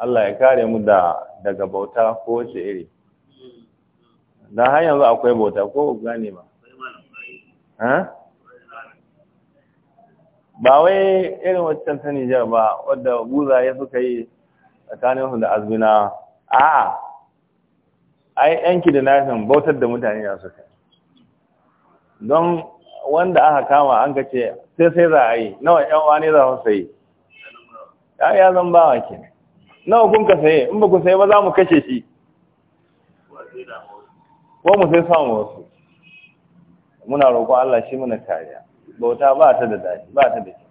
Allah ya kare mu da daga bauta ko wace iri da har yanzu akwai bauta ko gane ba ba wai irin waccan ta Nijar ba wadda ya suka yi tsakanin su da azmina a'a ai yanki da nashin bautar da mutane ya suka don wanda aka kama an ga ce sai sai za a yi nawa yan wani za su sayi ya zan bawa kenan nawa kun ka saye in ba ku saye ba za mu kashe shi ko mu sai samu wasu muna roƙo Allah shi muna kariya bauta ba ta da shi. ba ta da kyau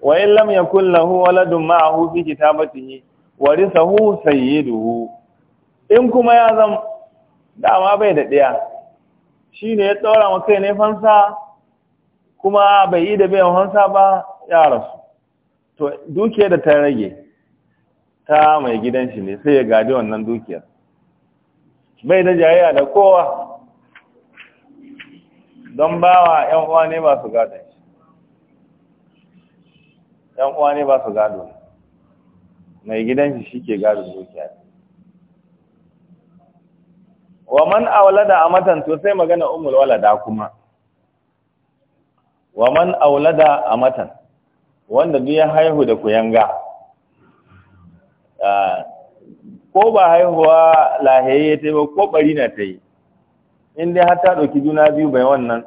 wa in lam yakul lahu waladun ma'ahu fi kitabatihi warisahu sayyiduhu in kuma ya zam dama bai da ɗaya shine ya tsora wa kai ne fansa kuma bai yi da bayan fansa ba ya rasu to duke da ta rage ta mai gidan shi ne sai ya gadi wannan dukiyar bai da jayayya da kowa don bawa yan uwa ne ba su gado shi uwa ne ba su gado mai gidan shi shi ke gado dukiya wa man aulada amatan to sai magana ummul walada kuma wa man aulada amatan wanda duk ya haihu da kuyanga ko ba haihuwa lahiyayye ta yi ba ko bari na ta yi in dai har ta ɗauki juna biyu bai wannan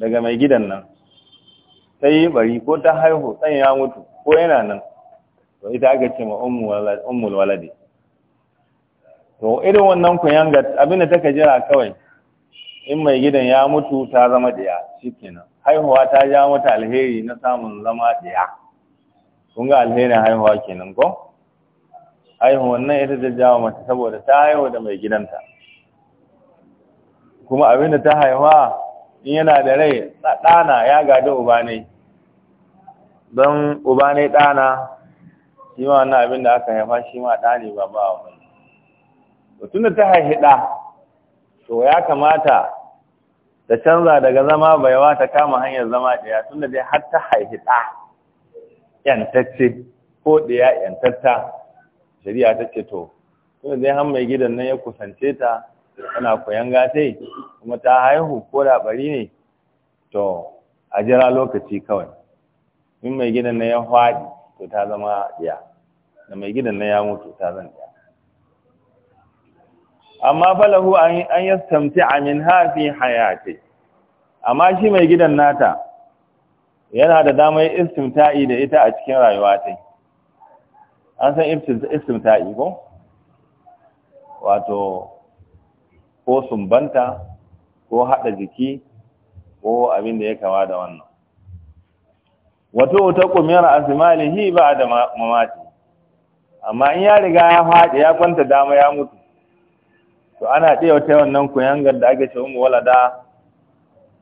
daga mai gidan nan ta yi ɓari ko ta haihu ɗan ya mutu ko yana nan to ita aka ce ma ummul walade to irin wannan kuyangar abinda take jira kawai in mai gidan ya mutu ta zama ɗaya shikenan haihuwa ta ja mata alheri na samun zama ɗaya kun ga alherin haihuwa kenan ko haihuwan wannan ita jajjawa mace saboda ta haihu da mai gidanta kuma abinda ta haihuwa in yana da rai ɗana ya gada uba ne don uba ne ɗana shi ma wannan abin aka haifa shi ma ɗani ba ba wa mutum da ta haihu ɗa to ya kamata ta canza daga zama baiwa ta kama hanyar zama ɗaya tunda dai har ta haihu ɗa ƴantacce ko ɗaya ƴantatta shari'a ta ce to kuma zai har mai gidan nan ya kusance ta tana koyan gatai kuma ta haihu ko da bari ne to a jira lokaci kawai in mai gidan nan ya faɗi to ta zama ya da mai gidan nan ya mutu ta zan ya amma falahu an yi a min hafi hayati amma shi mai gidan nata yana da damar istimta'i da ita a cikin rayuwa ta yi. an san istimta'i ko wato ko sumbanta ko haɗa jiki ko abin da ya kama da wannan wato ta kumiyar hi ba da mamati amma in ya riga ya faɗi ya kwanta dama ya mutu to ana ɗaya ta wannan kuyangar da ake shawun walada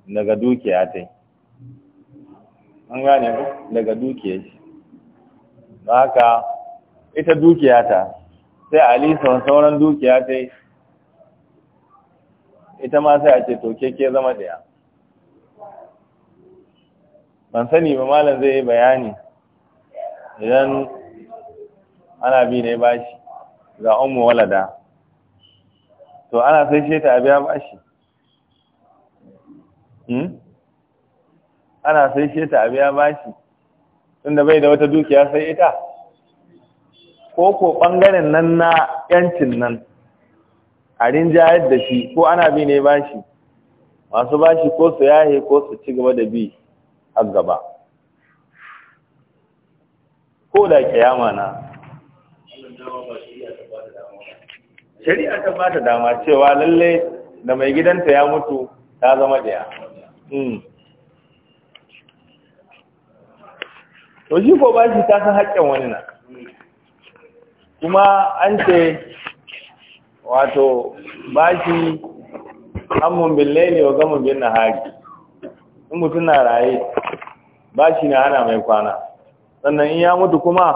daga dukiya ta an gane daga dukiya shi haka ita dukiya ta sai ali sauran sauran dukiya ta yi ita ma sai a ce to keke zama daya ban sani ba malam zai yi bayani idan ana bi ne bashi ga umu walada to ana sai shi ta biya bashi hmm? ana sai shi ta biya bashi tunda bai da wata dukiya sai ita ko ko ɓangaren nan na yancin nan a rinjayar da shi ko ana bi ne bashi masu bashi ko su yahe ko su ci gaba da bi a gaba ko da kiyama na shari'a ta ba ta dama cewa lalle da mai gidanta ya mutu ta zama daya hmm. to shi ko bashi ta san haƙƙin wani na kuma an ce wato bashi hammun bille ne wa gamun bin haji in mutum na raye bashi na hana mai kwana sannan in ya mutu kuma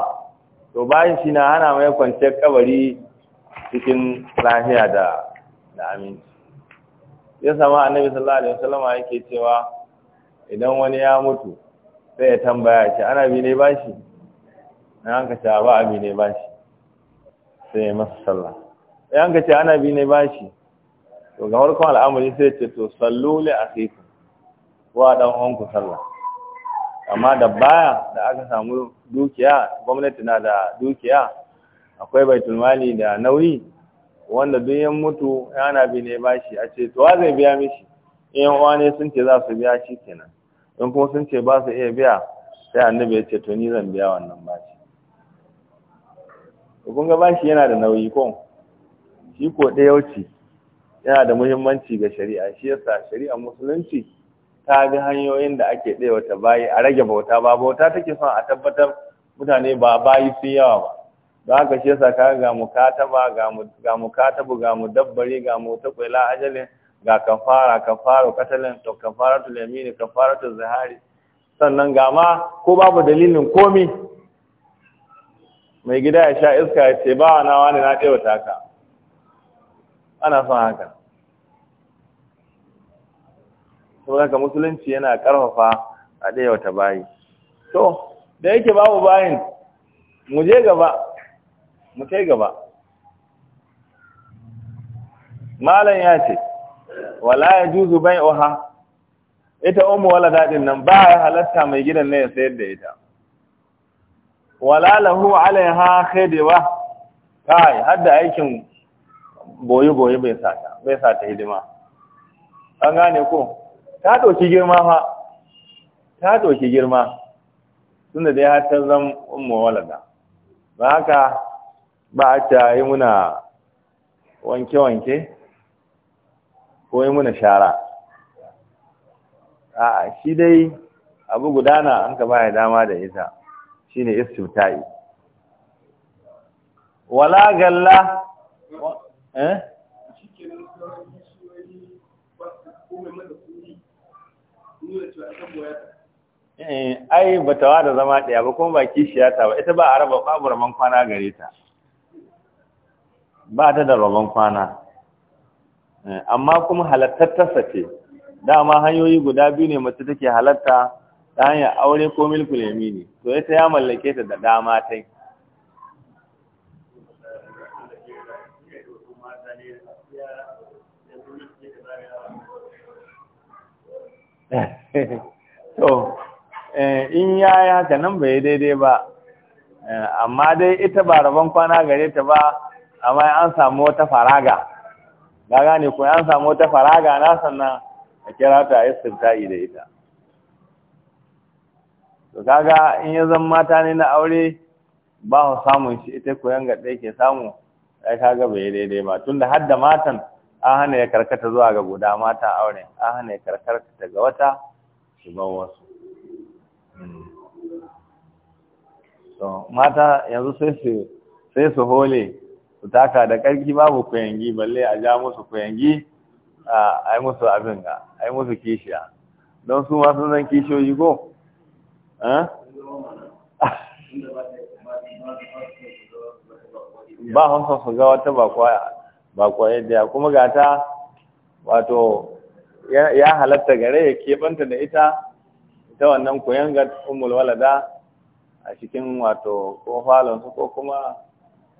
to bashi na hana mai kwanciyar kabari cikin lafiya da da aminci ya sama annabi sallallahu alaihi yake cewa idan wani ya mutu sai ya tambaya shi ana bi ne bashi na hankacewa ba a bi ne bashi sai masa sallah an ka ce ana bi ne bashi to ga farkon al'amari sai ce to sallu li akhikum wa dan uwan ku sallah amma da baya da aka samu dukiya gwamnati na da dukiya akwai baitul mali da nauyi wanda duk yan mutu yana bi ne bashi a ce to wa zai biya mishi yan uwa ne sun ce za su biya shi kenan in kuma sun ce ba su iya biya sai annabi ya ce to ni zan biya wannan bashi kun ga bashi yana da nauyi ko shi ko yana da muhimmanci ga shari'a shi yasa shari'a musulunci ta ga hanyoyin da ake ɗaya wata bayi a rage bauta ba bauta take son a tabbatar mutane ba bayi sun yawa ba don haka shi yasa ka ga mukataba ga mukatabu ga mudabbari ga mutaqila ajalin ga kafara kafaru katalin to kafaratu lamini kafaratu zahari sannan ga ma ko babu dalilin komi mai gida ya sha iska ya ce ba na wani na ɗewa taka ana son haka saboda ka musulunci yana ƙarfafa a ɗewa ta bayi to da yake babu bayin mu je gaba mu kai gaba malam ya ce wala ya juzu bai oha ita umu wala daɗin nan ba ya halatta mai gidan ne ya sayar da ita wala lahu alaiha khidwa kai hadda aikin boye boye bai sata bai sata hidima an gane ko ta doki girma fa ta doki girma tunda dai har ta zan ummu walada ba haka ba a ta yi muna wanke wanke ko yi muna shara a shi dai abu gudana an ka baya dama da ita shine istimta'i wala galla eh? Eh, ai ba ta wada zama ɗaya ba kuma ba kishiyata ta ba ita ba a raba babu raman kwana gare ta ba ta da raban kwana eh, amma kuma halattattarsa ce dama hanyoyi guda biyu ne mace take halatta ta hanyar aure ko milkul yamini to ta ya mallake ta da dama ta to eh, in ya yi ta nan bai daidai ba eh, amma dai ita ba rabon kwana gare ta ba amma an samu wata faraga ga gane ko an samu wata faraga na sannan a kira ta istimta'i da ita to kaga in ya zan mata ne na aure ba ku samun shi ita koyan ga ɗaya ke samu ai kaga bai daidai ba tunda har da matan an hana ya karkata zuwa ga guda mata auren an hana ya karkata ga wata su ban wasu to mata yanzu sai su sai su hole su taka da karki babu koyangi balle a ja musu koyangi a ai musu abin ga ai musu kishiya don su ma sun zan kishiyoyi ko ba hon so ga wata bakwaya da kuma gata wato ya halatta gare ya keɓanta da ita ita wannan kuyangar umul walada a cikin wato ko falonsu ko kuma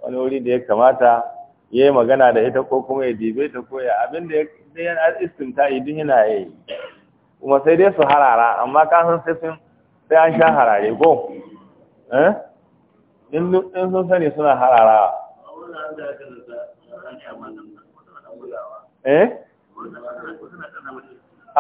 wani wuri da ya kamata ya yi magana da ita ko kuma ya dibe ta ko ya abin da ya istinta idin yana yi kuma sai dai su harara amma kasan sai sun sai an sha harare ko eh? in sun sani suna hararawa eh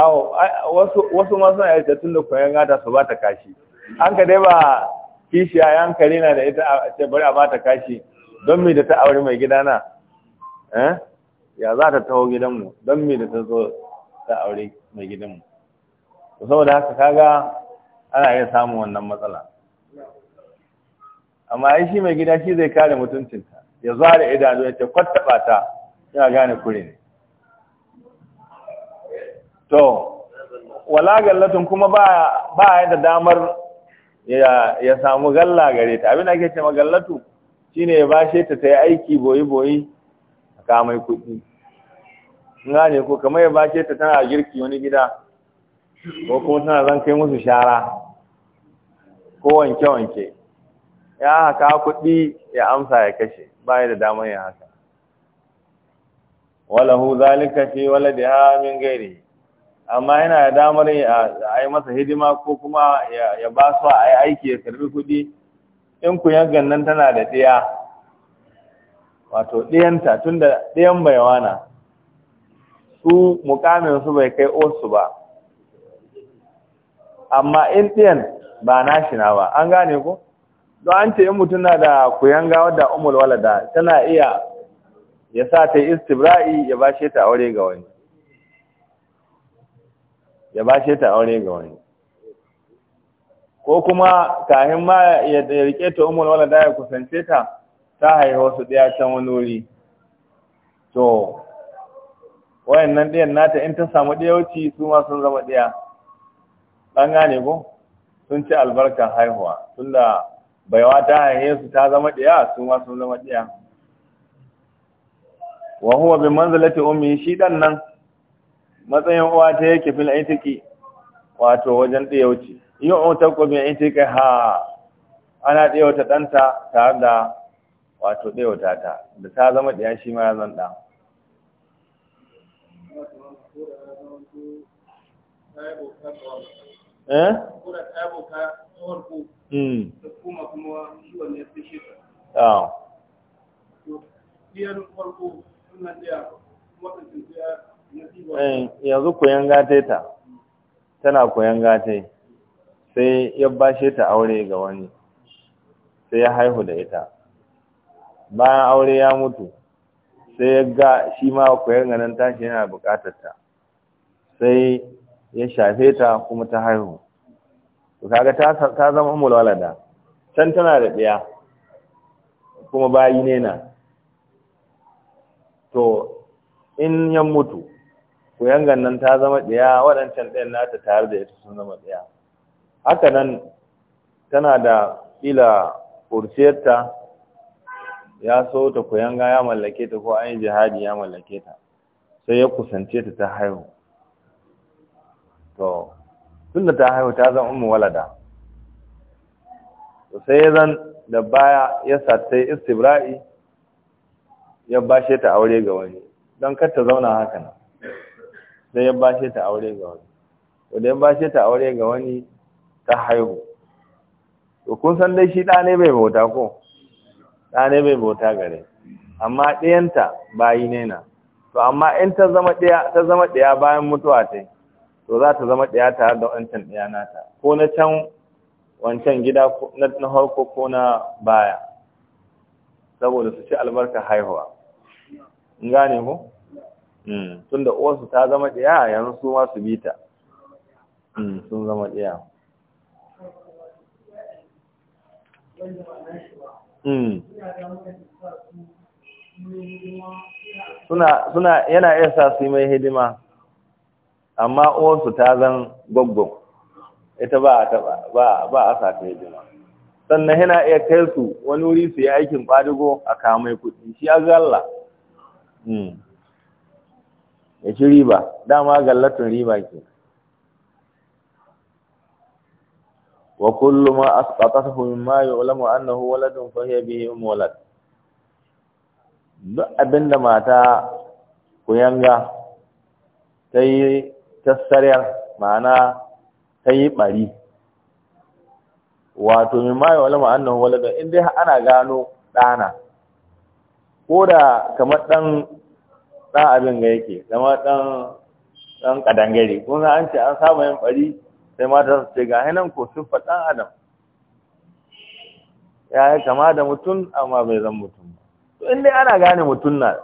awo wasu ma suna yarda tun da koyon gata su ba ta kashi an ka dai ba kishiya yan kare na da ita a ce bari a ba ta kashi don me da ta aure mai gidana eh ya za ta taho gidanmu don me da ta zo ta aure mai gidanmu saboda haka kaga ana iya samun wannan matsala amma ya shi mai gida shi zai kare mutuncinta ya zuwa da idanu ya ce kwattaba ta ya gane kure ne to wala gallatin kuma ba ya da damar ya samu galla gare ta abin da ake ce magallatu shine ya bashe ta ta yi aiki boyi-boyi a kamai kuɗi gane ko kamar ya bashe ta tana girki wani gida ko kuma tana zan kai musu shara ko wanke-wanke ya haka kuɗi ya amsa ya kashe baya da damar ya haka walahu zalika fi ha min gairi amma yana da damar a yi masa hidima ko kuma ya ba su a yi aiki ya karbi kuɗi in ku nan tana da ɗaya wato ɗiyanta tun da ɗayan wana su mukamin su bai kai osu ba amma in ɗiyan ba shi na ba an gane ko don an ce in mutum na da kuyanga wadda umul walada tana iya ya sa ta istibra'i ya bashe ta aure ga wani ya bashe ta aure ga wani ko kuma kahin ma ya rike ta umul walada ya kusance ta ta haihuwa su ɗaya can wani wuri to wayannan ɗiyan nata in ta samu ɗaya wuce su ma sun zama ɗaya an gane ko sun ci albarkar haihuwa da baiwa ta haihe su ta zama ɗaya su ma sun zama ɗaya wa huwa bi manzilati ummi shi dan nan matsayin uwa ta yake fil aitiki wato wajen wuce. ɗiyauci ta utako bi aitiki ha ana ɗaya wata ɗanta tare da wato ɗaya wata ta da ta zama ɗaya shi ma ya zan Thank you. Eh? Hmm. Eh, yanzu koyan gate ta tana koyan gate sai ya bashe ta aure ga wani sai ya haihu da ita bayan aure ya mutu sai ya ga shi ma koyan ganin tashi yana bukatar ta sai ya shafe ta kuma ta haihu to kaga ta ta zama ummul walada san tana da daya kuma bayi ne na to in ya mutu ku yangan nan ta zama ɗaya waɗancan ɗayan nata tare da ita sun zama ɗaya haka nan tana da ƙila kursiyarta ya so ta koyanga ya mallake ta ko an yi jihadi ya mallake ta sai ya kusance ta ta haihu to tun da ta haihu ta zan umu walada to sai ya zan da baya ya satta istibra'i ya bashe ta aure ga wani don kar ta zauna haka nan sai ya bashe ta aure ga wani to da ya bashe ta aure ga wani ta haihu to kun san dai shi ɗa ne bai bauta ko ɗa ne bai bauta gare amma ɗayanta bayi ne na to amma in ta zama ɗaya ta zama ɗaya bayan mutuwa ta yi to za ta zama ɗaya tare da wancan ɗaya nata ko na can wancan gida na harko ko na baya saboda su ci albarka haihuwa gane ku? Hmm. tun da uwarsu ta zama ɗaya yanzu su ma su bi ta hmm, sun zama ɗaya hmm. suna yana iya sa su yi mai hidima amma uwarsu ta zan gwaggwan ita ba a taɓa ba a sa ta sannan yana iya kai su wani wuri su yi aikin ɓadigo a kamai kuɗi shi a galla hmm. ya ci riba dama gallatin riba ke wa kullu ma asqatahu mimma yu'lamu annahu waladun fa hiya bihi umm duk abinda mata kuyanga ta yi tassariyar ma'ana ta yi ɓari wato min ma wale ma'annan wale da in dai ana gano ɗana ko da kamar ɗan ɗan abin ga yake kamar ɗan ɗan ƙadangare kun an ce an samu yin ɓari sai mata su ce ga hinan ko siffa ɗan adam ya yi kama da mutum amma bai zan mutum to in dai ana gane mutum na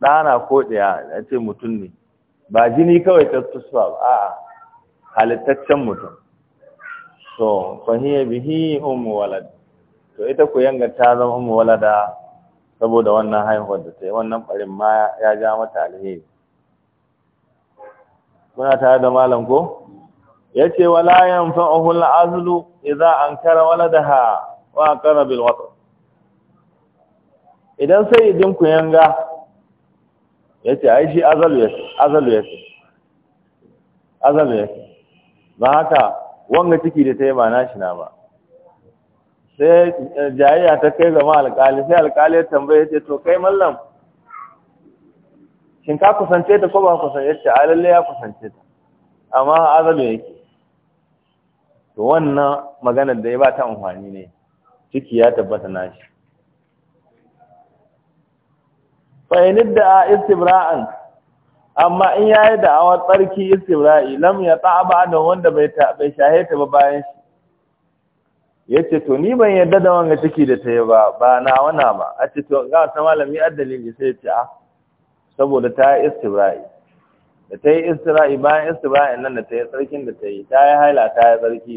ɗana ko ɗaya ya ce mutum ne ba jini kawai ta tusuwa ba a'a halittaccen mutum to fahiya bihi umu walad to ita ku yanga ta zama umu walada saboda wannan haihuwar da ta yi wannan barin ma ya ja mata alheri Kuna tare da malam ko Ya ce wala yanfa'uhu al'azlu wala da waladaha wa kara bil watr idan sai idin ku yanga ya ce ai shi azalu ya azalu ya azalu ba haka wanga ciki da ta yi ba nashi shi na ba sai eh, jayayya ta kai gama alkali sai alkali ya tambaye ce to kai mallam shin ka kusance ta ko ba kusance ta a lalle ya kusance ta amma azalu yake to wannan maganar da ya ba ta amfani ne ciki ya tabbata nashi fa'inid da a istibra'an amma in ya yi da'awar tsarki istibra'i lam ya ta'aba da wanda bai shahe ta ba bayan shi ya ce to ni ban yadda da wanga ciki da ta yi ba ba na wana ba a ce to ga ta malami addalin da sai ce a ah, saboda ta yi istibra'i da ta yi istibra'i bayan istibra'in nan da ta yi tsarkin da ta yi ta yi haila ta yi tsarki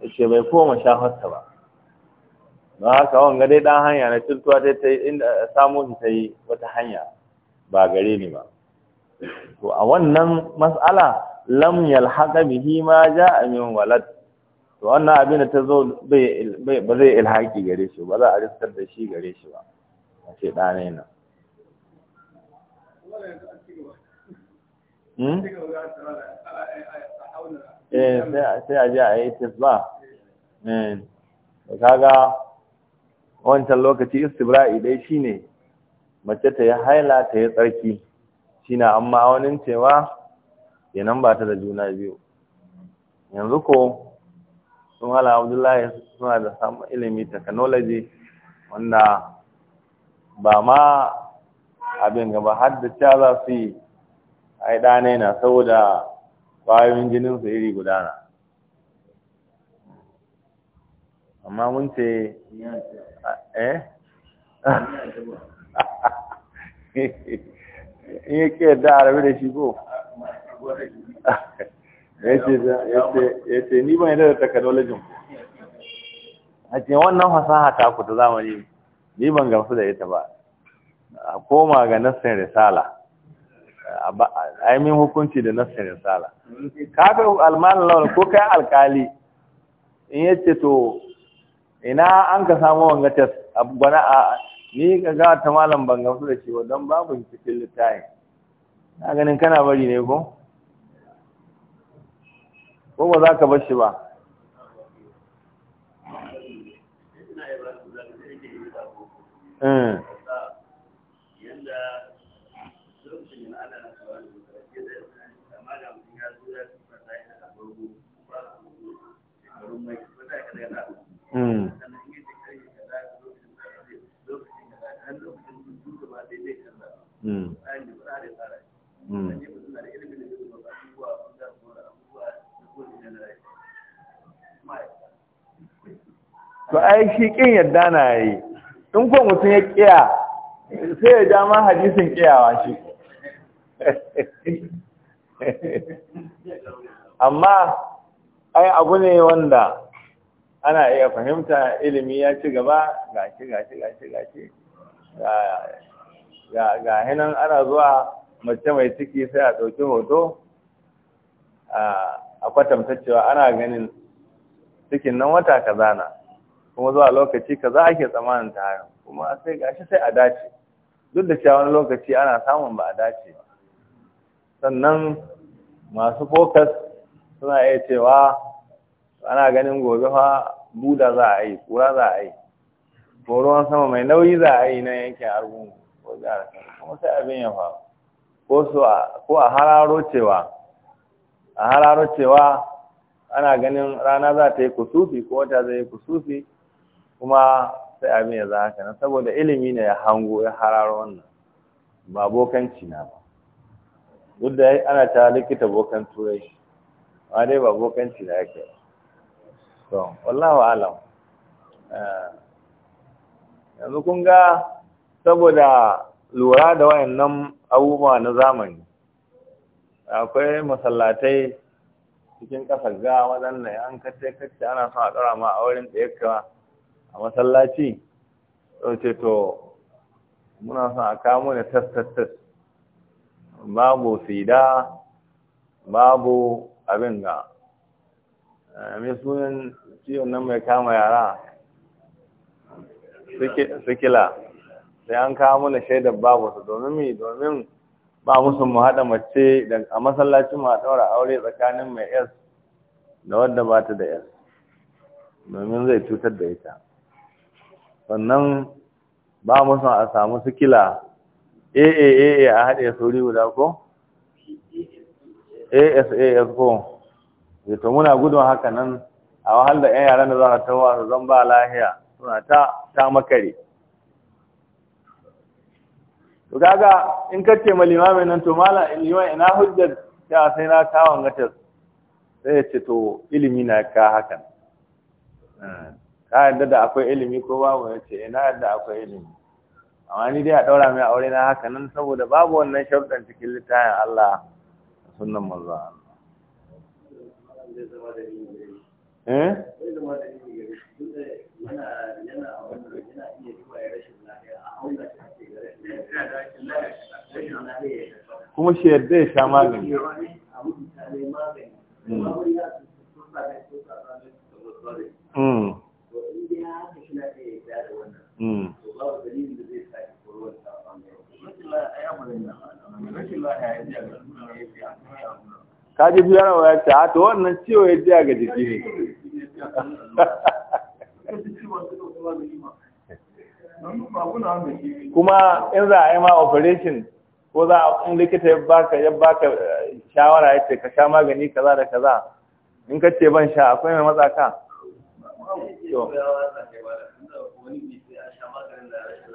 ya ce bai koma shaharta ba don haka wanga dai ɗan hanya na tuntuwa ta yi inda samu shi ta yi wata hanya ba gare ni ba to a wannan mas'ala lam yalhaqa bihi ma ja'a min walad to wannan abin da ta zo ba zai ilhaki gare shi ba za a riskar da shi gare shi ba a ce ɗane nan hmm? eh, sai a ji a yi tisba eh, kaga wancan lokaci istibra'i dai shine mace ta yi haila ta yi tsarki shine amma wani cewa kenan ba ta da juna biyu yanzu ko sun hala abdullahi suna da samun ilimi technology wanda ba ma abin gaba har da caza za su yi ai ɗane na saboda ƙwayoyin jininsu iri gudana amma mun ce eh in ya ke da arabi da shi ko ya ce ni ban yadda da technology a ce wannan fasaha ta ku ta zamani ni ban gamsu da ita ba a koma ga nassin risala a min hukunci da nassin risala kafin almanin launin ko kai alkali in yace to ina an ka samu wanga tas gwana a ni ka ga ta malam ban gamsu da cewa don babu cikin littafi na ganin kana bari ne ko ko ba za ka bar shi ba eh. ai shi kin yadda na yayi in ko mutum ya kiya sai ya ja ma hadisin kiyawa shi amma ai abu ne wanda ana iya fahimta ilimi ya ci gaba gashi gashi gashi gashi ga hinan ana zuwa mace mai ciki sai a ɗauki hoto a kwatanta cewa ana ganin cikin nan wata kaza na kuma zuwa lokaci kaza ake tsamanin ta haram kuma sai gashi sai a dace duk da cewa wani lokaci ana samun ba a dace ba sannan masu focus suna iya cewa ana ganin gobe fa buda za a yi kura za a yi ko ruwan sama mai nauyi za a yi na yankin argun ko jihar kano kuma sai abin ya faru ko su ko a hararo cewa a hararo cewa ana ganin rana za ta yi kusufi ko wata zai yi kusufi kuma sai abin ya za haka nan saboda ilimi ne ya hango ya hararo wannan ba bokanci na ba duk da ana ta likita bokan turai ba dai ba bokanci na yake to wallahu alam eh, yanzu kun ga saboda lura da wayannan abubuwa na zamani akwai masallatai cikin ƙasar ga waɗannan an kace kace ana son a ɗora ma a wurin da yake a masallaci ce to muna son a kamo ne tas babu sida babu abin ga eh, mai sunan ciwon nan mai kama yara sikila sai an kamo ne shaidar babu su domin mi domin ba musu mu haɗa mace a masallacin ma ɗaura aure tsakanin mai s da wadda ba ta da s domin zai cutar da ita sannan ba mu son a samu sikila AAAA a haɗe sauri guda ko? ASAS ko? Eh, to muna gudun haka nan a wahal 'yan yaran da za a tawa su zan ba lahiya suna ta makare. To kaga in kace ma limamin nan to mala liman ina hujjar ta sai na kawon gatas sai ya ce to ilimi na ka hakan. Eh. ka yadda da akwai ilimi ko babu ya ce ina eh, yadda akwai ilimi amma ni dai a ɗaura mai aure na haka nan saboda babu wannan sharuɗan cikin littafin Allah a sunan manzo eh kuma shi yadda ya sha magani Mm. ka ji biyar wa ya ce a to wannan ciwo ya jiya ga jiki ne kuma in za a yi ma operation ko za a in likita ya baka ya baka shawara ya ce ka sha magani kaza da kaza in ka ce ban sha akwai mai matsaka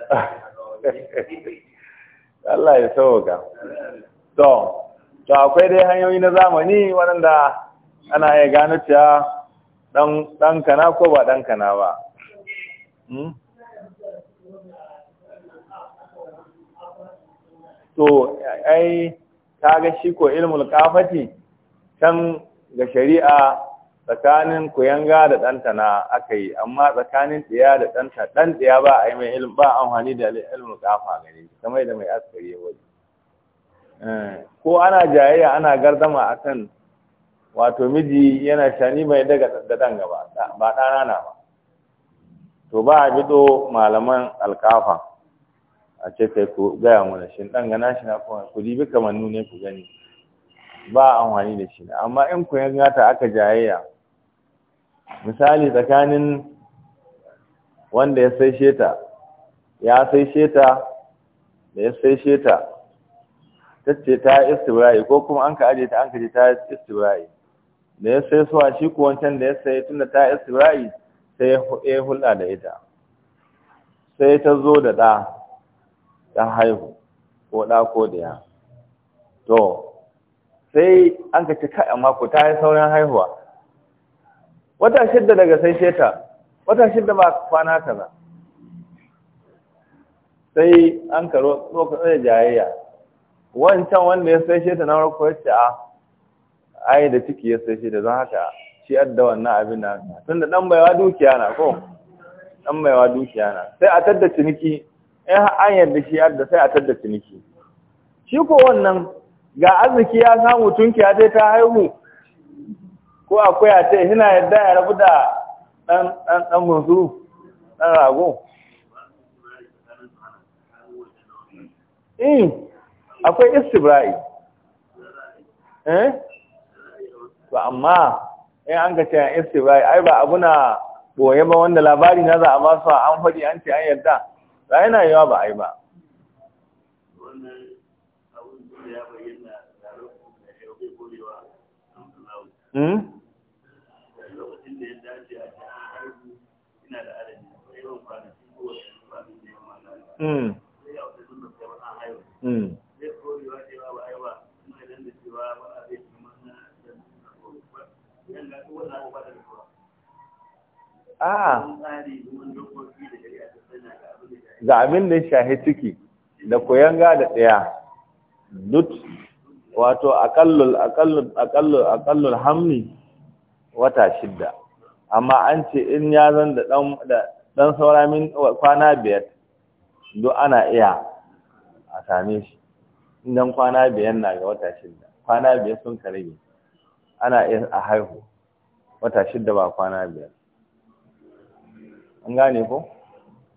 Allah ya sauka to to akwai dai hanyoyi na zamani waɗanda ana iya gano cewa ɗan kana ko ba ɗan kana ba hmm? to ai ta ga shi ko ilmul kafati can ga shari'a tsakanin kuyanga da ɗanta na aka yi amma tsakanin ɗaya da ɗanta ɗan ɗaya ba a yi mai ilmi ba amfani da ilmin kafa gare shi kamar da mai askari waje eh, ko ana jayayya ana gardama akan wato miji yana shani mai daga da ɗan gaba ba ɗana na ba to ba a bido malaman alkafa a ce kai ku gaya mana shin ɗan gana shi na kuma ku dibi kamar ne ku gani ba amfani da shi amma in ku yanga ta aka jayayya misali tsakanin wanda ya sai sheta ya sai sheta da ya sai sheta ta ce ta istibra'i ko kuma an ka aje ta an ka ce ta istibra'i da ya sai suwa shi ko wancan da ya sai tunda ta istibra'i sai ya hulɗa da ita sai ta zo da ɗa ta haihu ko ɗa ko ɗaya to sai an ka ce kai amma ko ta yi sauran haihuwa wata shidda daga sai ta wata shidda ba kwana ta ba sai an karo lokacin jayayya wancan wanda ya sai ta na farko ya ce a ai da ciki ya sai sheta don haka shi adda wannan abin da tunda dan baiwa dukiya na ko dan baiwa dukiya na sai a tadda ciniki in an yarda shi adda sai a tadda ciniki shi ko wannan ga arziki ya samu tunkiya ta ta haihu ko akwai a ce hina yadda ya rabu da ɗan munzuru ɗan rago in eh, akwai istibra'i eh ba amma in an ka ce istibra'i ai ba abu na boye ba wanda labari na za a ba su an faɗi an ce an yadda ba yana yawa ba ai ba Hmm? Mm. Mm. Ah. ga abin da shahi ciki da koyon gada ɗaya duk wato akallul akallul hamni wata shidda amma an ce in ya zan da ɗan saura kwana biyar duk ana iya a same shi idan kwana biyar na ga wata shida kwana biyar sun ka ana iya a haihu wata shida ba kwana biyar an gane ko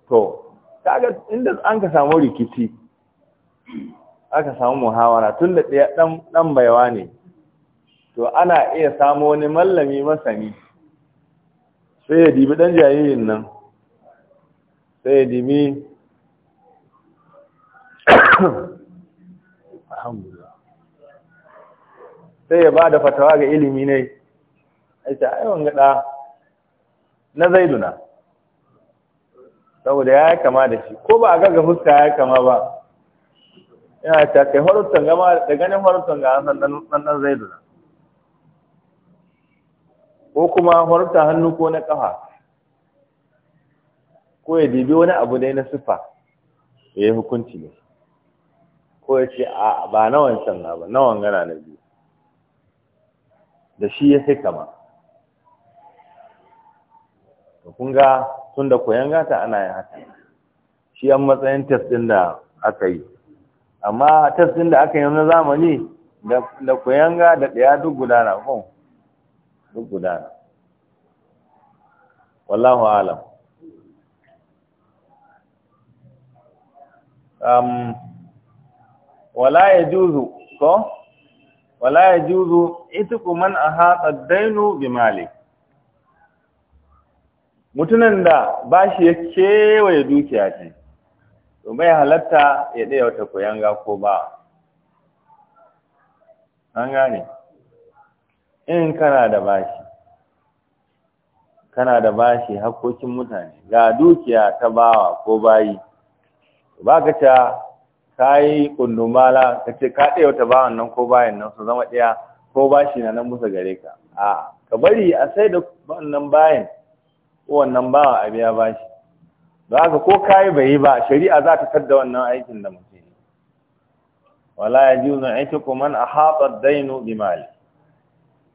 to kaga inda an ka samu rikici aka samu muhawara tun da ɗan ɗan baiwa ne to ana iya samu wani mallami masani sai ya dibi ɗan jaririn nan sai ya dibi alhamdulillah sai ya ba da fatawa ga ilimi ne aita aiwon gada na zaiduna saboda ya kama da shi ko ba a gaga fuska ya kama ba yana ta kai horoton gama da ganin horoton ga an san dan zaiduna ko kuma horoton hannu ko na kafa ko ya dibi wani abu dai na siffa ya yi hukunci ne ko ya ce a ba na wancan na ba na wangana na biyu da shi ya fi kama Da kun ga tun da koyan gata ana yin haka shi an matsayin test din da aka yi amma test din da aka yi na zamani da koyan ga da ɗaya duk gudana kun duk gudana wallahu alam um, wala ya juzu ko wala ya juzu itiku man ahata dainu bi mali mutunan da shi ya kewaye dukiya ce to bai halatta ya ɗaya wata koyanga ko ba an gane in kana da bashi kana da bashi hakkokin mutane ga dukiya ta bawa ko bayi ba ka ta ka yi kundumala ka ce ka ɗaya wata bawan nan ko bayan nan su zama ɗaya ko ba shi na nan musa gare ka a ka bari a sai da wannan bayan ko wannan bawa a biya bashi Ba haka ko ka yi bai yi ba shari'a za ta tadda wannan aikin da mutum yi wala ya ji zan aiki ko man a haɓa dainu bi mali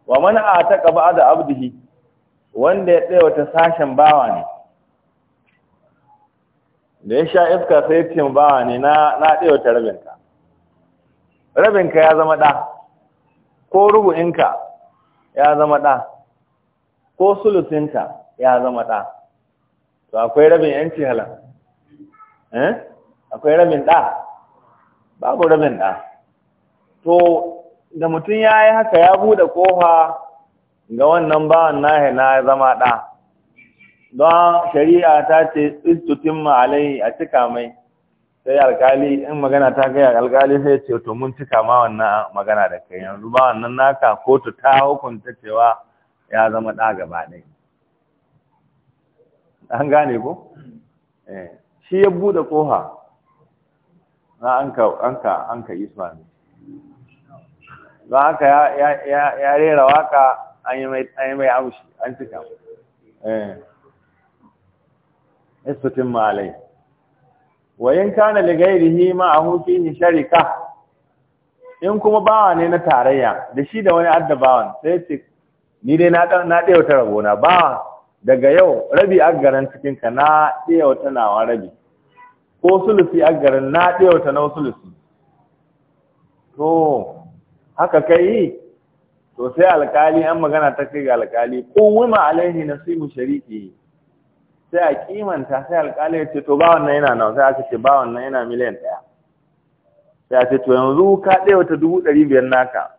wa man a ta ƙaba da abdihi wanda ya ɗaya wata sashen bawa ne da ya sha iska sai cin bawa ne na ɗaya ta rabinka rabinka ya zama ɗa ko rubu'inka ya zama ɗa ko sulusinta ya zama ɗa to akwai rabin yanci halar eh akwai rabin ɗa babu rabin ɗa to da mutum ya yi haka ya buɗe ƙofa ga wannan bawan nahi na zama ɗa don shari'a ta ce istutin ma'alai a cika mai sai alkali in magana ta kai alkali sai ce to mun cika ma wannan magana da kai yanzu ba wannan naka kotu ta hukunta cewa ya zama ɗa gaba ɗai an gane ko eh, shi ya buɗe koha. na an ka an ka don haka ya rera waka an yi mai amshi an cika eh istutin malai wa in kana li ghairihi ma'ahu fihi sharika in kuma bawa ne na tarayya da shi da wani addabawan sai ce ni dai na dan na dai wata rabona ba daga yau rabi aggaran cikin ka na dai wata nawa rabi ko sulusi aggaran na dai wata na sulusi to haka kai to sai alkali an magana ta kai ga alkali kun wima alaihi nasibu shariki sai a kimanta sai alƙalin ya ce to ba wannan yana nan sai aka ce ba wannan yana miliyan ɗaya sai a ce to yanzu ka ɗaya wata dubu ɗari biyar naka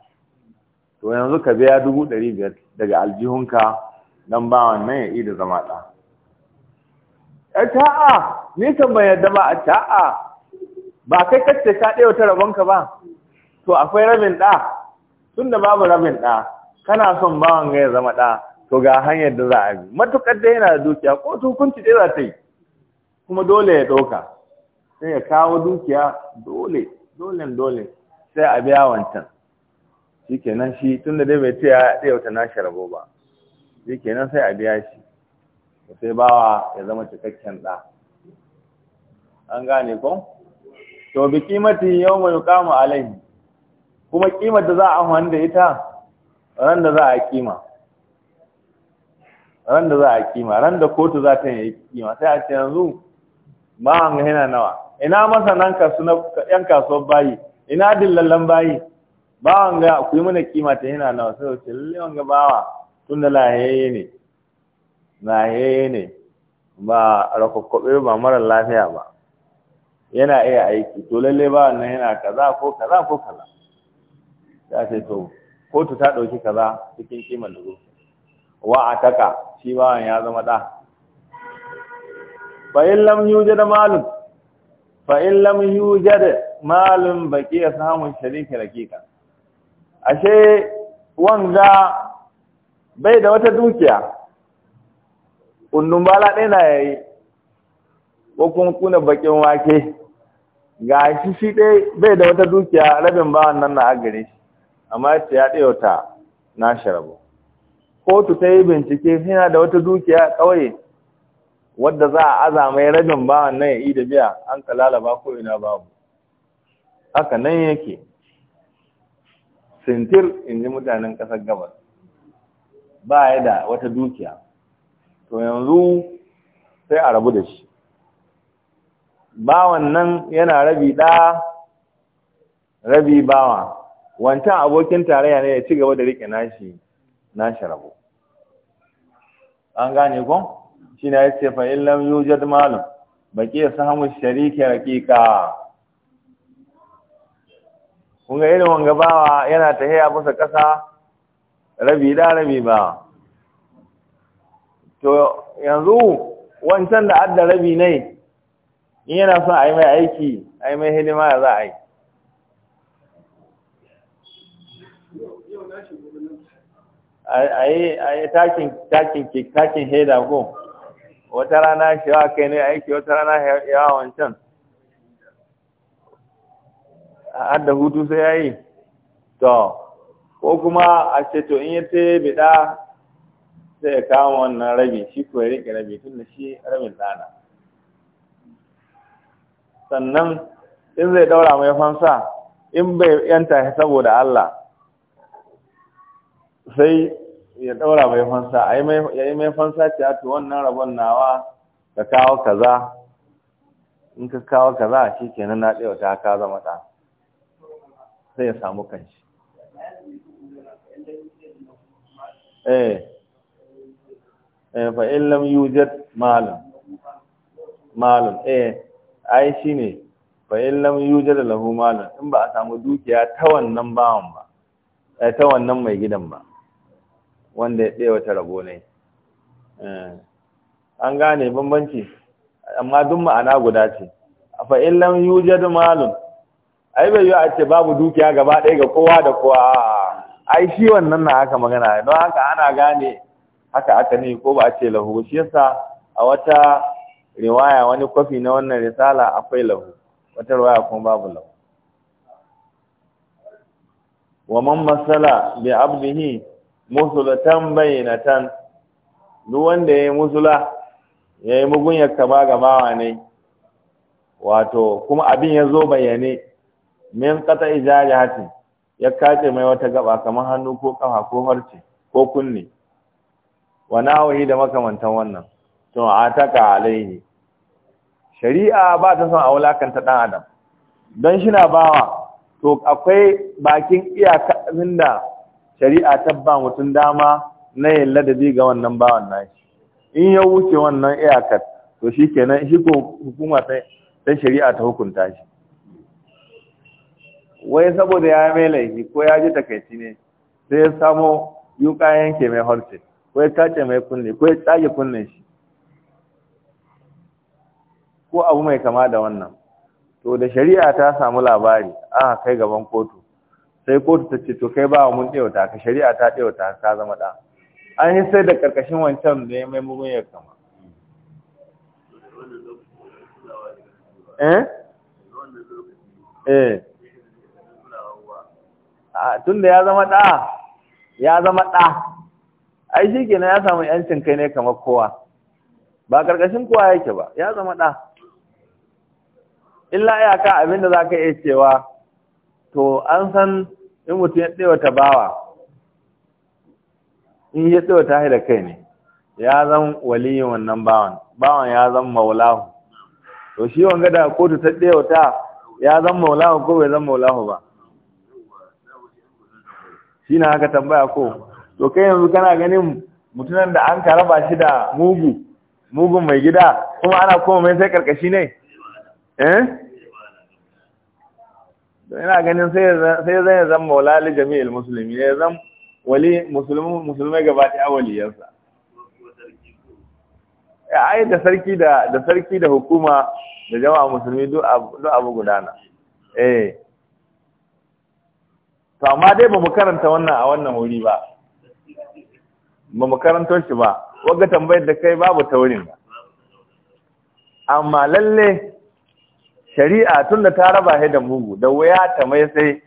to yanzu ka biya dubu ɗari biyar daga aljihunka don ba wannan ya yi da zama ɗa a eh, ta'a ni kan ban yadda ba a ta'a ba kai ce ka ɗaya wata rabon ka ba to akwai rabin ɗa tunda babu rabin ɗa kana son bawan ga ya zama ɗa to ga hanyar da za a bi matukar da yana da dukiya ko tukunci dai za ta yi kuma dole ya ɗauka sai ya kawo dukiya dole dole dole sai a biya wancan shi kenan shi tun da dai bai ce ya ɗaya nashi rabo ba shi kenan sai a biya shi sai bawa ya zama cikakken ɗa an gane ko to bi kimati yau mai kama alaihi kuma kimar da za a amfani da ita ran da za a kima ran da za a kima ran da kotu za ta yi kima sai a ce yanzu bawan yana nawa ina masanan kasu na yan kasuwar bayi ina dillallan bayi bawan ga ku yi mana kima ta yana nawa sai ce lalle wanga bawa tun da lahiyayye ne lahiyayye ne ba rakwakwabe ba marar lafiya ba yana iya aiki to lalle ba wannan yana kaza ko kaza ko kaza Ya ce to kotu ta ɗauki kaza cikin kimar da zuwa wa ataka shi bawan ya zama ɗa fa in lam yujad malun fa in lam yujad malum, baki ya samu shariki rakika ashe wanda bai da wata dukiya undun bala ɗaya na yayi ko kuma kuna bakin wake ga shi shi ɗaya bai da wata dukiya rabin bawan nan na agare shi amma ya ɗaya ta na sharabu kotu ta yi bincike yana da wata dukiya ƙauye wadda za a aza mai rabin bawan nan ya yi da biya an ka lalaba ko ina babu haka nan yake sintir in ji mutanen ƙasar gabas ba ya da wata dukiya to yanzu sai a rabu da shi bawan nan yana rabi ɗa rabi bawa wancan abokin tarayya ne ya ci gaba da riƙe nashi nashi rabo an gane ko shine ya ce fa illam yujad malum baki baqiya hamu shariki hakika kun ga irin wanga bawa yana ta haya bisa kasa rabi da rabi ba to yanzu wancan da adda rabi ne in yana son a yi mai aiki a mai hidima ya za a yi a yi takin heda ko wata rana shi wa kai ne aiki wata rana yawa wancan A da hutu sai ya yi to ko kuma a ce to in ya ta bida sai ya kama wannan rabi shi ko ya rike rabi tun da shi rabin lana? sannan in zai daura mai fansa in bai yanta saboda Allah sai ya ɗaura mai fansa ya yi mai fansa ce a to wannan rabon nawa ka kawo kaza in ka kawo kaza shi ke na ɗaya ta ka zama ɗa sai ya samu kanci eh eh fa in lam yujad malum malum eh ai shine fa in lam yujad lahu malum in ba a samu dukiya ta wannan bawan ba eh, ta wannan mai gidan ba wanda ya ɗaya wata rabo ne eh, an gane bambanci amma duk ma'ana guda ce A fa'ilan lam yujad malun ai bai yi a ce babu dukiya gaba ɗaya ga kowa da kowa ai shi wannan na haka magana don haka ana gane haka aka ne ko ba a ce lahu shi yasa a wata riwaya wani kwafi na wannan risala akwai lahu wata riwaya kuma babu lahu wa man masala bi abdihi musulatan bayyinatan duk wanda ya yi musula ya yi mugunyar kama ga bawa ne wato kuma abin ya zo bayyane min kata ijari hati, ya kace mai wata gaba kamar hannu ko kafa ko harce ko kunne wa nawahi da makamantan wannan to a ataka alaihi shari'a ba ta son a wulakanta dan adam don shi na bawa to akwai bakin iyaka da shari'a ta ba mutum dama na yin ladabi ga wannan bawan nashi in ya wuce wannan iyakar to shi kenan shi ko hukuma ta shari'a ta hukunta shi wai saboda ya mai laifi ko ya ji takaici ne sai ya samo yuka yanke mai horse ko ya tace mai kunne ko ya tsage kunne shi ko abu mai kama da wannan to da shari'a ta samu labari aka kai gaban kotu sai kotu ta ce to kai ba mun ɗewata ka shari'a ta ɗewata ka zama ɗa an yi sai da ƙarƙashin wancan da ya mai mugun ya kama eh eh ah, tun da ya zama ɗa ya zama ɗa ai shi kenan ya samu yancin kai ne kamar kowa ba ƙarƙashin kowa yake ba ya zama ɗa illa iyaka abinda za ka iya cewa to an san in mutum ya ta bawa in ya tsewa ta da kai ne ya zan waliyin wannan bawan bawan ya zan maulahu to shi wanga da kotu ta ta ya zan maulahu ko bai zan maulahu ba shi na haka tambaya ko to kai yanzu kana ganin mutunan da an karaba shi da mugu mugun mai gida kuma ana koma mai sai karkashi ne eh ina ganin sai zai zan maula li jami'il musulmi ne zan wali musulmai gaba ɗaya waliyarsa ai da sarki da da sarki da hukuma da jama'a musulmi duk abu gudana eh to amma dai ba mu karanta wannan a wannan wuri ba ba mu karanto shi ba wagga tambayar da kai babu taurin ba amma lalle shari'a tun da ta raba shi da mugu da wuya ta mai sai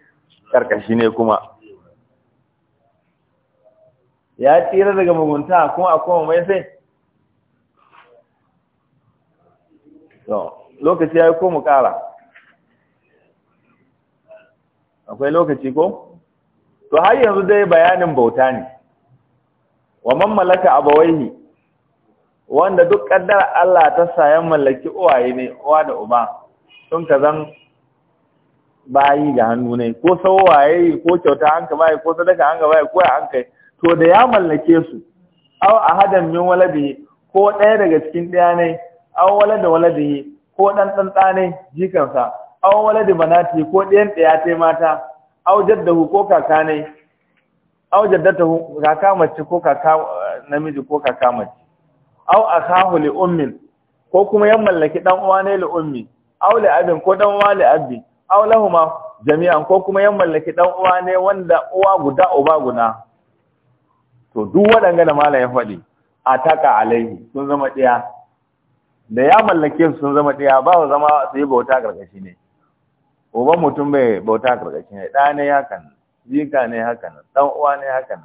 karkashi ne kuma ya tsira daga mugunta kuma a kuma mai sai lokaci ya yi ko mu kara akwai lokaci ko to har yanzu dai bayanin bauta ne wa man malaka abawaihi wanda duk kaddar Allah ta sayan mallaki uwaye ne uwa da uba sun ka zan bayi ga hannu ne ko ya yi, ko kyauta hanka bayi ko sadaka hanka bayi bai ko ya yi. to da ya mallake su aw ahadan min waladi ko ɗaya daga cikin ɗaya ne aw walada waladi ko dan dan ɗa ne jikansa aw waladi banati ko ɗayan ɗaya ta mata aw jaddahu ko kaka ne aw jaddatahu kaka mace ko kaka eh, namiji ko kaka mace aw akahu li ummin ko kuma ya mallaki dan uwa ne li ummin aule abin ko dan uwa li aw aulahuma jami'an ko kuma yan mallaki dan uwa ne wanda uwa guda uba guda to duk waɗanga da malam ya faɗi a taka alaihi sun zama ɗaya da ya mallake su sun zama ɗaya ba zama su yi bauta karkashi ne uban mutum bai bauta karkashi ne ɗa ne hakan jika ne hakan dan uwa ne hakan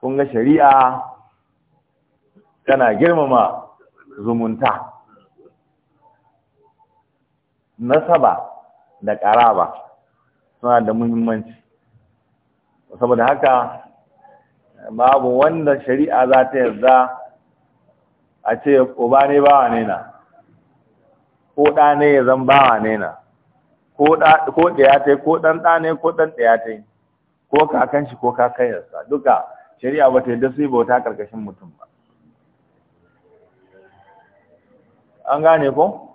kun ga shari'a tana girmama zumunta nasaba da ƙaraba suna da muhimmanci saboda haka babu wanda shari'a za ta yarda a ce uba ne bawa ne na ko ɗa ne ya zan bawa ne na ko ɗaya ta ko ɗan ɗa ne ko ɗan ɗaya ta ko kakan shi ko kakayarsa duka shari'a ba ta yarda su yi bauta ƙarƙashin mutum ba an gane ko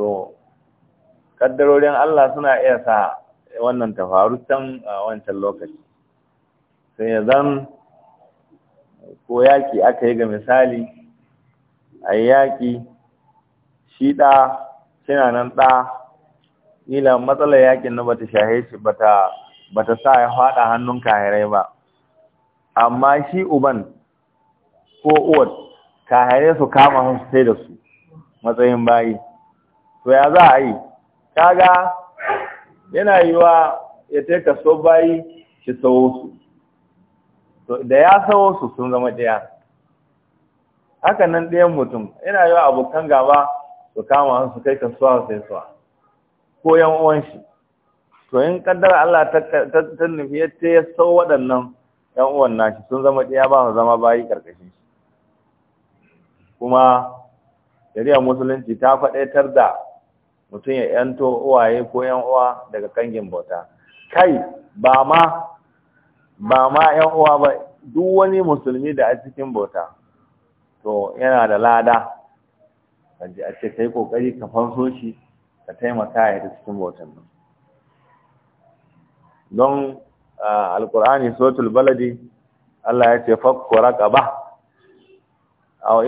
to kaddarorin Allah suna iya sa wannan tafarutan a wancan lokaci sai ya zan ko yaƙi aka yi ga misali a yaƙi shi ɗa suna nan ɗa ila matsalar yaƙin na bata shahe shi bata sa ya faɗa hannun kahirai ba amma shi uban ko uwar kahirai su kama su sai da su matsayin bayi to ya za a yi kaga yana yi wa ya ta so bayi shi sawo su da ya sawo su sun zama ɗaya haka nan ɗayan mutum yana yi wa abokan gaba su kama su kai suwa sai suwa ko yan uwan shi to in kaddara Allah ta nufi ya ta ya sau waɗannan yan uwan nashi sun zama ɗaya ba su zama bayi ƙarƙashin shi kuma shari'ar musulunci ta faɗaitar da mutum ya yanto uwaye ko yan uwa daga kangin bauta kai ba ma ba ma yan uwa ba duk wani musulmi da a cikin bauta to yana da lada kaji a ce kai kokari ka fanso shi ka taimaka ya cikin bautan nan don alkur'ani sotul baladi Allah ya ce fakku raqaba aw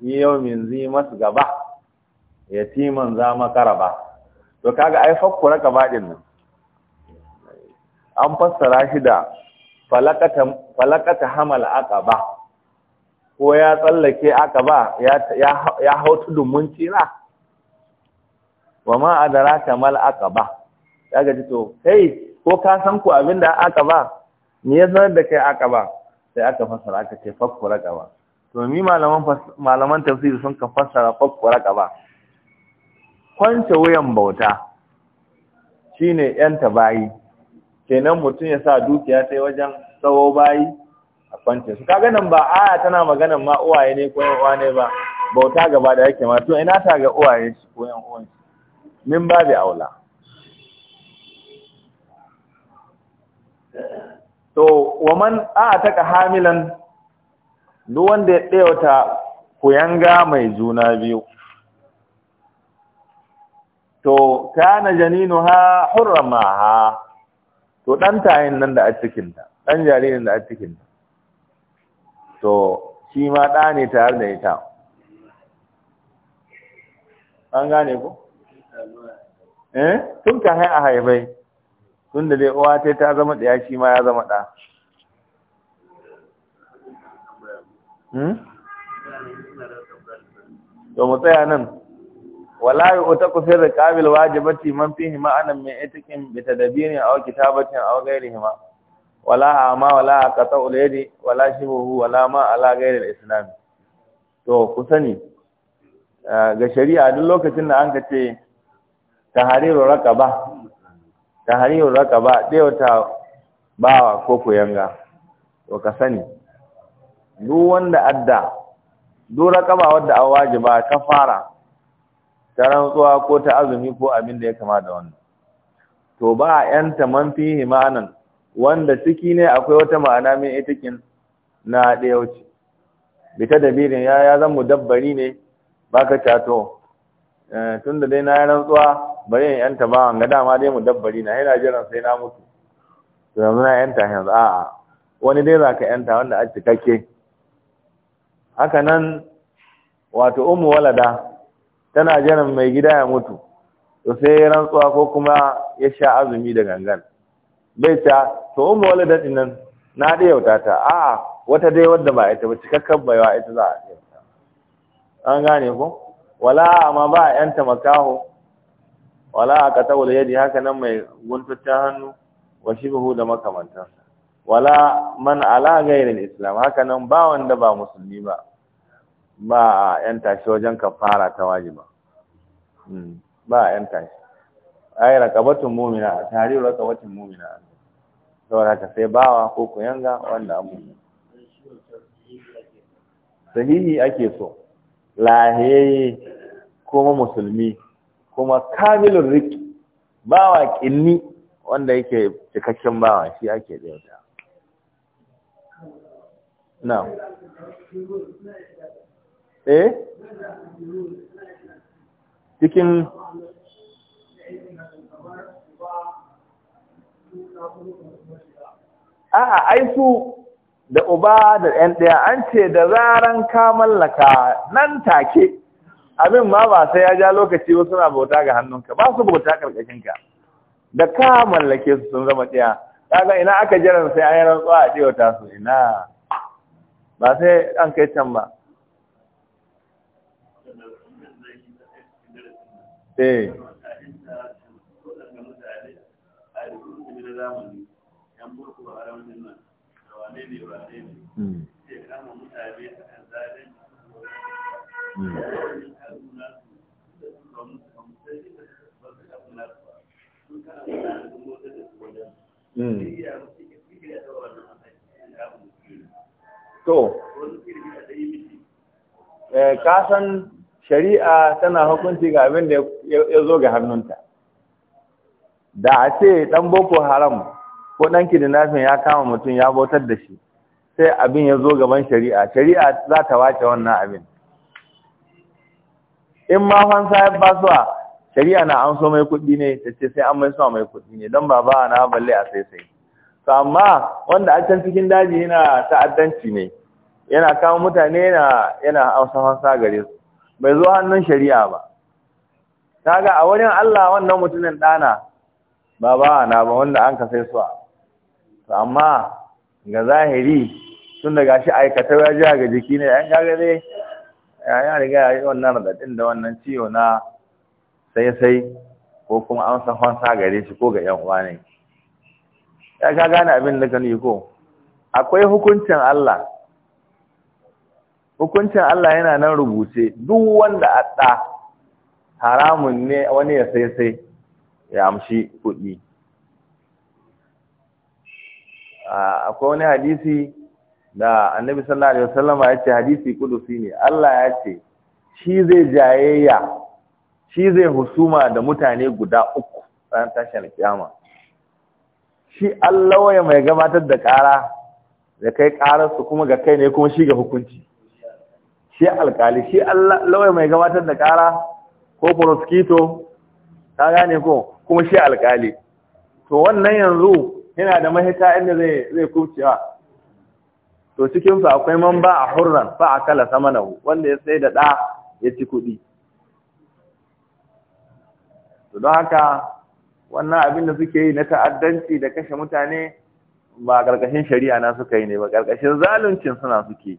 yau min zi masu gaba. yatiman za makara ba to kaga ai fakkura ka badin nan an fassara shi da falakata falakata hamal aqaba ko ya tsallake aqaba ya ya hau tudun mun tsira wa ma adraka mal aqaba kaga to kai ko ka san ku abinda aqaba me ya sanar da kai aqaba sai aka fassara aka ce fakkura gaba to mi malaman malaman tafsir sun ka fassara fakkura gaba kwance wuyan bauta shi ne yanta bayi kenan mutum ya sa dukiya ta wajen tsawo bayi a kwance su kaga nan ba aya tana magana ma uwaye ne ko uwa ne ba bauta gaba da yake ma ina ta ga uwaye shi ko yan uwan min bi aula to waman ta taka hamilan duk wanda ya ku kuyanga mai juna biyu to kana janinuha hurramaha to dan tayin nan da a cikin ta dan jaririn da a cikin ta to shi ma da ne tare da ita an gane ko eh tun ka hai a haibai tun da dai uwa ta ta zama daya shi ma ya zama da hmm to mu tsaya nan wala yu'taku fi riqabil wajibati man fihi ma'anan min itiqin bi tadbirin aw kitabatin aw hima wala ama wala qata'u yadi wala shibuhu wala ma ala ghayril islam to ku sani ga shari'a duk lokacin da an ka ce tahariru raqaba tahariru raqaba dai wata bawa ko koyanga to ka sani duk wanda adda duk raqaba wanda waje ba ka fara ta rantsuwa ko ta azumi ko abin da ya kama da wannan to ba a yanta man fihi wanda ciki ne akwai wata ma'ana min itikin na ɗaya wuce bita da birin ya ya zan dabbari ne baka tato eh, tun da dai na yi rantsuwa bari in yanta ba ga dama dai mu dabbari na yana jiran sai na mutu to yanzu na yanta yanzu a'a wani dai za ka yanta wanda a cikakke haka nan wato umu walada tana jiran mai gida ya mutu to sai ya rantsuwa ko kuma ya sha azumi da gangan bai ta to ummu dadi nan na da yauta ta a wata dai wadda ba ita ba cikakken baiwa ita za a yauta an gane ko wala amma ba yanta makaho wala aqatawul yadi haka nan mai guntaccen hannu wa shibhu da makamantan. wala man ala ghairil islam haka nan ba wanda ba musulmi ba ba yan tashi wajen kafara ta wajiba Hmm. ba a yanta shi ai rakabatun mu'mina A tahriru rakabatun mu'mina saboda ka sai bawa ko kuyanga wanda abu sahihi ake so lahiyayi kuma musulmi kuma kamilun riki bawa kinni wanda yake cikakken bawa shi ake ɗauta na eh cikin a'a ai su da uba da ɗan ɗaya an ce da zaran ka mallaka nan take abin ma ba sai ya ja lokaci ba suna bauta ga hannunka ba su bauta karkashinka da ka mallake su sun zama ɗaya kaga ina aka jiran sai an yi rantsuwa a ɗewata su ina ba sai an kai can ba eh hmm. Hmm. Hmm. To, eh, kasan shari'a tana hukunci ga abin da ya zo ga hannunta da a ce ɗan boko haram ko ɗan kidnapping ya kama mutum ya bautar da shi sai abin ya zo gaban shari'a shari'a za ta wace wannan abin in ma fansa ya basuwa shari'a na an so mai kuɗi ne ta ce sai an mai so mai kuɗi ne don baba na balle a sai sai to amma wanda a can cikin daji yana ta'addanci ne yana kama mutane yana yana hausa fansa gare su bai zo hannun shari'a ba kaga a wurin Allah wannan mutumin ɗana, ba ba na ba wanda an ka su to amma ga zahiri tun da gashi aikata ya ji ga jiki ne yan kaga dai ya riga ya yi wannan radadin da wannan ciwo na sai sai ko kuma an san hansa gare shi ko ga yan uwa ne ya ka gane abin da ka yi ko akwai hukuncin Allah hukuncin Allah yana nan rubuce duk wanda a ɗa haramun ne wani ya sai sai ya amshi kuɗi akwai wani hadisi da annabi sallallahu alaihi wasallama ya ce hadisi kudusi ne Allah ya ce shi zai jayayya shi zai husuma da mutane guda uku ran tashin kiyama shi Allah ya mai gabatar da ƙara da kai ƙararsu kuma ga kai ne kuma shi ga hukunci shi alkali shi lawai mai gabatar da kara ko prosecutor ta gane ko kuma shi alkali to wannan yanzu yana da mahita inda zai zai kubcewa to cikin su akwai man ba a hurran fa akala samanahu wanda ya sai da da ya ci kuɗi to don haka wannan abin da suke yi na ta'addanci da kashe mutane ba ƙarƙashin shari'a na suka yi ne ba ƙarƙashin zaluncin suna suke yi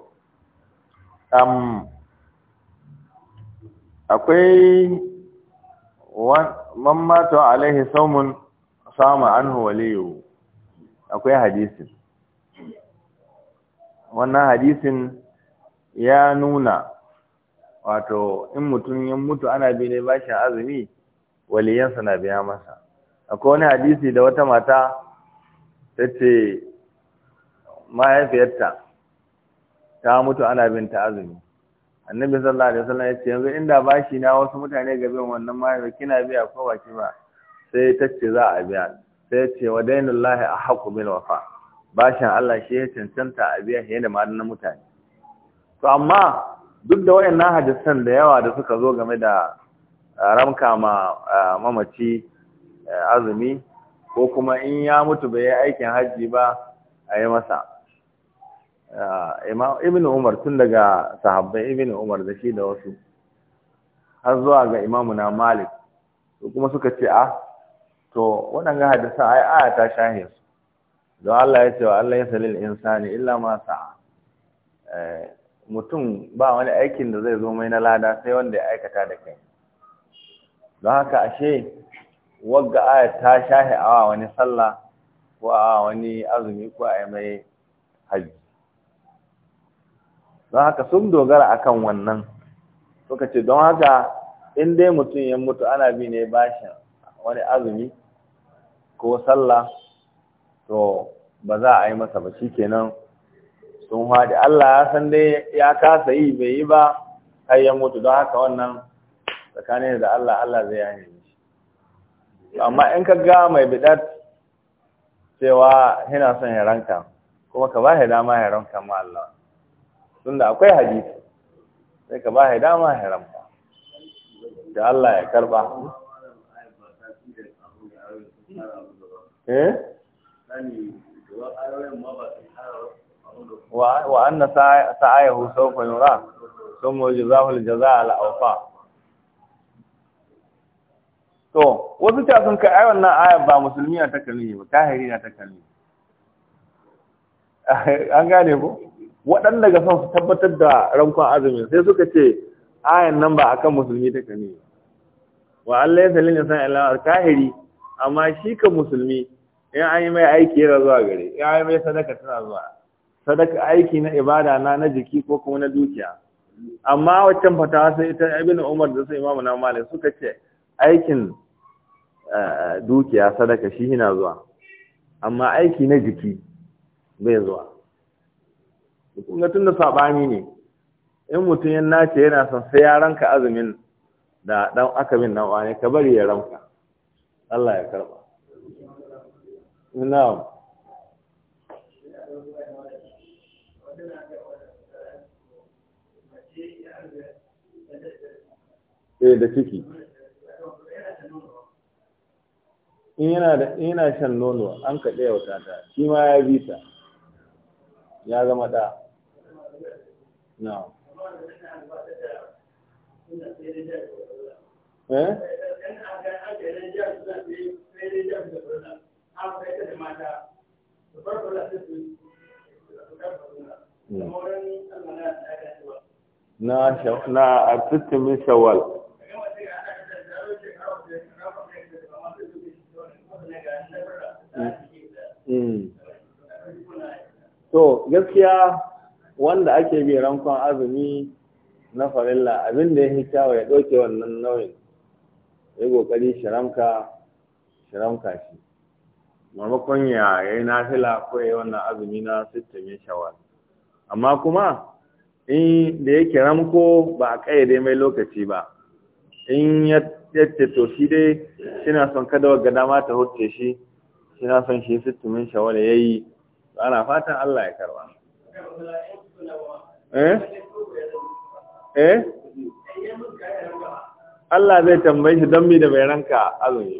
um, akwai man mata alaihi saumun sama anhu waliyu akwai hadisin wannan hadisin ya nuna wato in mutum ya mutu ana bi ne shi azumi waliyansa na biya masa akwai wani hadisi da wata mata ta ce mahaifiyarta ta mutu ana bin ta azumi annabi sallallahu alaihi wasallam ya ce yanzu inda bashi na wasu mutane ga bin wannan mahaifa kina biya ko ba ki ba sai ta ce za a biya sai ce wa dainullahi a haƙu bil wafa bashin Allah shi ya cancanta a biya fiye da madanin mutane to amma duk da wayannan hadisan da yawa da suka zo game da ramka ma mamaci azumi ko kuma in ya mutu bai yi aikin hajji ba a yi masa Ah, ibn umar tun daga sahabban ibn umar da shi da wasu har zuwa ga imamu na malik kuma suka ce a ah, to waɗanga hadisa ai aya ta shahe su don Allah ya ce wa Allah ya salil insani illa ma sa'a eh, mutum ba wani aikin da zai zo mai na lada sai wanda ya aikata da kai don haka ashe wagga aya ta shahe awa wani sallah ko a wani azumi ko a mai hajji don haka sun dogara a kan wannan suka ce don haka in dai mutum ya mutu ana bi ne bashin wani azumi ko sallah to ba za a yi masa ba shi kenan sun haɗe Allah ya san dai ya kasa yi bai yi ba har ya mutu don haka wannan tsakanin da Allah Allah zai yane shi amma in ka ga mai bidat cewa yana son ya ranka kuma ka ba shi dama ya ranka ma Allah tunda akwai hadisi sai ka ba dama ba da Allah ya karba eh? wa anna sa'ayahu sawfa yura thumma yujzahu al-jazaa al-awfa to wasu ta sun kai wannan aya ba musulmiya na takalmi ba kahiri na takalmi an gane ko waɗanda ga son su tabbatar da rankon azumin sai suka ce ayan nan ba a kan musulmi ta ne wa Allah ya salin insan illa kahiri amma shi ka musulmi in an yi mai aiki yana zuwa gare in an yi mai sadaka tana zuwa sadaka aiki na ibada na na jiki ko kuma na dukiya amma waccan fatawa sai ita ibn Umar da sai Imam na Malik suka ce aikin eh, dukiya sadaka shi yana zuwa amma aiki na jiki bai zuwa kun tun da sabani ne in mutum ya nace yana son sai ya ranka azumin da dan aka min nan wani ka bari ya ranka Allah ya karba na'am eh da ciki in yana da yana shan nono an ka ɗaya wata ta shi ma ya bi ta ya zama ɗa eh na a cikin shawal to gaskiya wanda ake bi rankon azumi na farilla abin da ya fi kyawa ya ɗauke wannan nauyin ya ƙoƙari shiramka shiramka shi maimakon ya yi fila ko ya yi wannan azumi na sittin shawar amma kuma in da yake ramko ba a ƙayyade mai lokaci ba in ya ce to shi dai shina son kada wa dama ta huce shi shina son shi sittin shawar ya yi ana fatan Allah ya karba eh eh Allah zai tambaye shi don mi da mai ranka azumi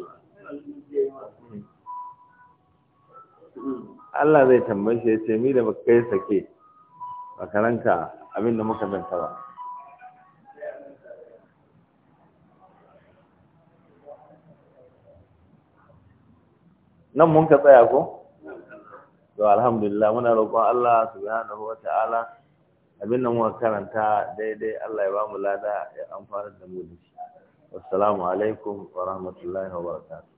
Allah zai tambaye shi ya ce mi da baka kai sake baka ranka abin da muka banta ba nan mun ka tsaya ko? to alhamdulillah muna roƙon Allah subhanahu wa ta'ala abin nan muka karanta daidai Allah ya ba mu lada ya amfana da mu da shi assalamu alaikum wa rahmatullahi wa barakatuh